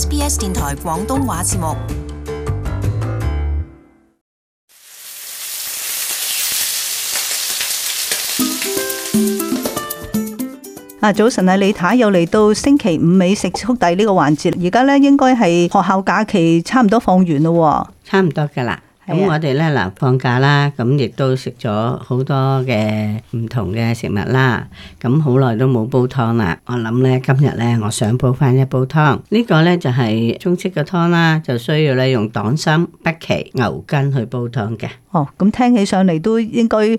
SBS 電台廣東話節目。啊，早晨啊，李太又嚟到星期五美食速遞呢個環節。而家咧應該係學校假期差唔多放完咯，差唔多噶啦。咁我哋咧嗱放假啦，咁亦都食咗好多嘅唔同嘅食物啦。咁好耐都冇煲湯啦，我諗咧今日咧我想煲翻一煲湯。這個、呢個咧就係、是、中式嘅湯啦，就需要咧用黨參、北芪、牛筋去煲湯嘅。哦，咁聽起上嚟都應該誒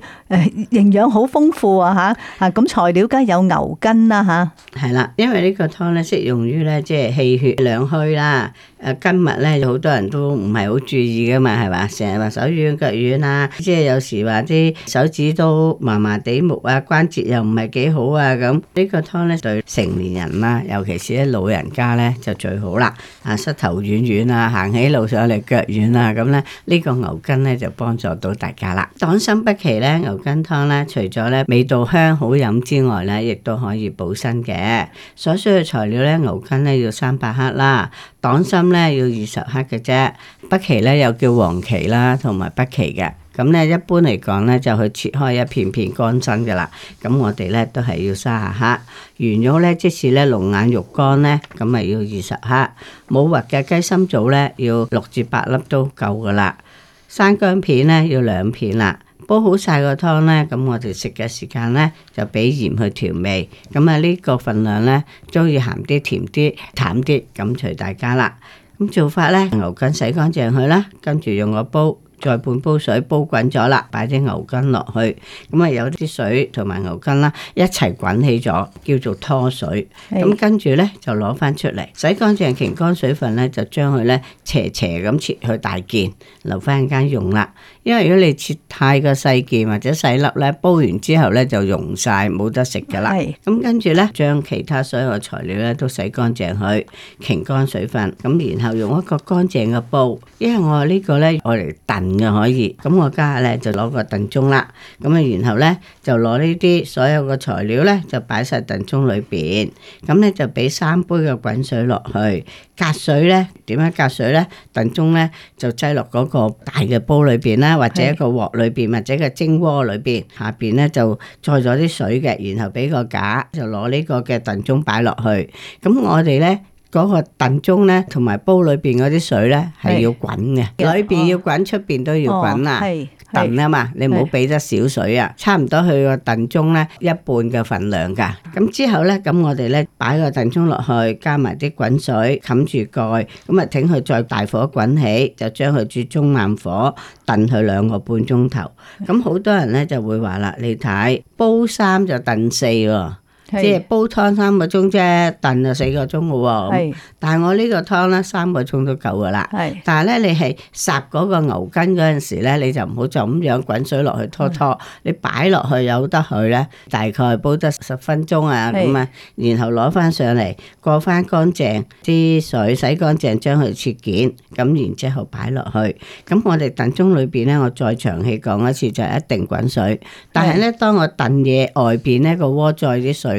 營養好豐富啊吓啊！咁材料梗係有牛筋啦吓。係、啊、啦，因為個湯呢個湯咧適用於咧即係氣血兩虛啦。誒筋脈咧，好多人都唔係好注意嘅嘛，係嘛？成日話手軟腳軟啊，即係有時話啲手指都麻麻地木啊，關節又唔係幾好啊咁。呢個湯咧對成年人啦、啊，尤其是啲老人家咧就最好啦。遠遠啊，膝頭軟軟啊，行起路上嚟腳軟啊咁咧，呢、這個牛筋咧就幫助到大家啦。黨蔘不奇咧，牛筋湯咧，除咗咧味道香好飲之外咧，亦都可以補身嘅。所需嘅材料咧，牛筋咧要三百克啦，黨蔘。咁咧要二十克嘅啫，北芪咧又叫黃芪啦，同埋北芪嘅。咁咧一般嚟講咧就去切開一片片乾身嘅啦。咁我哋咧都係要三十克。圓肉咧，即係咧龍眼肉乾咧，咁啊要二十克。冇核嘅雞心棗咧要六至八粒都夠噶啦。生薑片咧要兩片啦。煲好晒個湯呢，咁我哋食嘅時間呢，就俾鹽去調味。咁啊呢個份量呢，中意鹹啲、甜啲、淡啲，咁隨大家啦。咁做法呢，牛筋洗乾淨佢啦，跟住用個煲。再半煲水煲滾咗啦，擺啲牛筋落去，咁、嗯、啊有啲水同埋牛筋啦一齊滾起咗，叫做拖水。咁是跟住咧就攞翻出嚟，洗乾淨，擎乾水分咧，就將佢咧斜斜咁切去大件，留翻一間用啦。因為如果你切太過細件或者細粒咧，煲完之後咧就溶晒，冇得食噶啦。咁是跟住咧，將其他所有材料咧都洗乾淨佢，擎乾水分，咁然後用一個乾淨嘅煲，因為我呢個咧我嚟燉。嘅可以，咁我家下咧就攞個燉盅啦，咁啊然後咧就攞呢啲所有嘅材料咧就擺晒燉盅裏邊，咁咧就俾三杯嘅滾水落去，隔水咧點樣隔水咧？燉盅咧就擠落嗰個大嘅煲裏邊啦，或者一個鑊裏邊，或者個蒸鍋裏邊，下邊咧就載咗啲水嘅，然後俾個架就攞呢個嘅燉盅擺落去，咁我哋咧。嗰個燉盅咧，同埋煲裏邊嗰啲水咧，係要滾嘅。裏邊要滾，出邊都要滾啊！燉啊嘛，你唔好俾得少水啊。差唔多去個燉盅咧，一半嘅份量㗎。咁之後咧，咁我哋咧擺個燉盅落去，加埋啲滾水，冚住蓋，咁啊，請佢再大火滾起，就將佢煮中慢火燉佢兩個半鐘頭。咁好多人咧就會話啦，你睇煲三就燉四喎。即係煲湯三個鐘啫，燉就四個鐘嘅喎。是但係我呢個湯咧三個鐘都夠嘅啦。是但係咧，你係殺嗰個牛筋嗰陣時咧，你就唔好就咁樣滾水落去拖拖。嗯、你擺落去有得去咧，大概煲得十分鐘啊咁啊是。然後攞翻上嚟過翻乾淨啲水，洗乾淨，將佢切件咁，然之後擺落去。咁我哋燉盅裏邊咧，我再長氣講一次，就係、一定滾水。但係咧，當我燉嘢外邊呢、個鍋再啲水。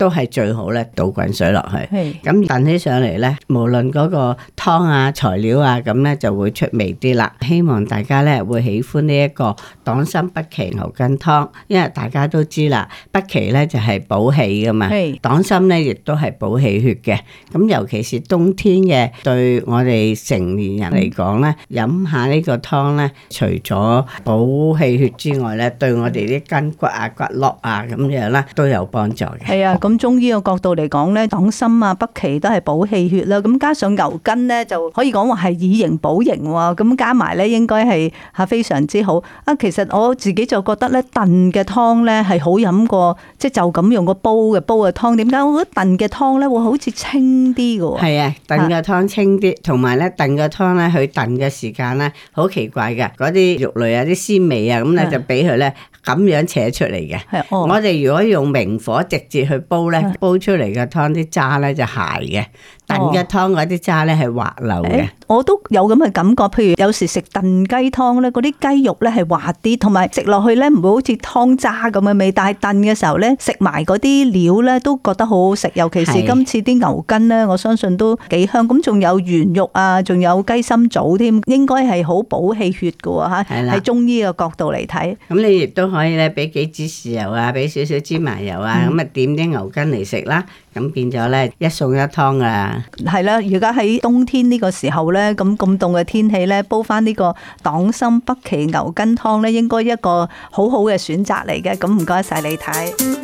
都係最好咧，倒滾水落去，咁燉起上嚟咧，無論嗰個湯啊、材料啊，咁咧就會出味啲啦。希望大家咧會喜歡呢一個黨蔘北芪牛筋湯，因為大家都知啦，北芪咧就係補氣噶嘛，黨蔘咧亦都係補氣血嘅。咁尤其是冬天嘅，對我哋成年人嚟講咧，飲下呢個湯咧，除咗補氣血之外咧，對我哋啲筋骨啊、骨骼啊咁樣啦，都有幫助嘅。係啊。咁中醫嘅角度嚟講咧，黨蔘啊、北芪都係補氣血啦。咁加上牛筋咧，就可以講話係以形補形喎。咁加埋咧，應該係啊非常之好。啊，其實我自己就覺得咧，燉嘅湯咧係好飲過，即係就咁、是、用個煲嘅煲嘅湯。點解我覺得燉嘅湯咧會好似清啲嘅？係啊，燉嘅湯清啲，同埋咧燉嘅湯咧，佢燉嘅時間咧好奇怪嘅。嗰啲肉類啊、啲鮮味啊，咁咧就俾佢咧咁樣扯出嚟嘅。係啊。我哋如果用明火直接去煲。煲咧，煲出嚟嘅湯啲渣咧就鞋嘅。燉雞湯嗰啲渣咧係滑溜嘅，欸，我都有咁嘅感覺。譬如有時食燉雞湯咧，嗰啲雞肉咧係滑啲，同埋食落去咧唔會好似湯渣咁嘅味。但係燉嘅時候咧，食埋嗰啲料咧都覺得好好食。尤其是今次啲牛筋咧，我相信都幾香。咁仲有原肉啊，仲有雞心棗添，應該係好補氣血噶吓。係啦，喺中醫嘅角度嚟睇，咁你亦都可以咧，俾幾支豉油啊，俾少少芝麻油啊，咁啊、嗯、點啲牛筋嚟食啦。咁變咗咧，一餸一湯啦。係啦，如果喺冬天呢個時候呢，咁咁凍嘅天氣呢，煲翻呢個黨蔘北芪牛筋湯呢，應該一個好好嘅選擇嚟嘅。咁唔該晒你睇。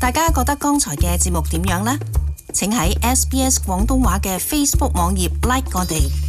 大家覺得剛才嘅節目點樣呢？請喺 SBS 廣東話嘅 Facebook 網頁 like 我哋。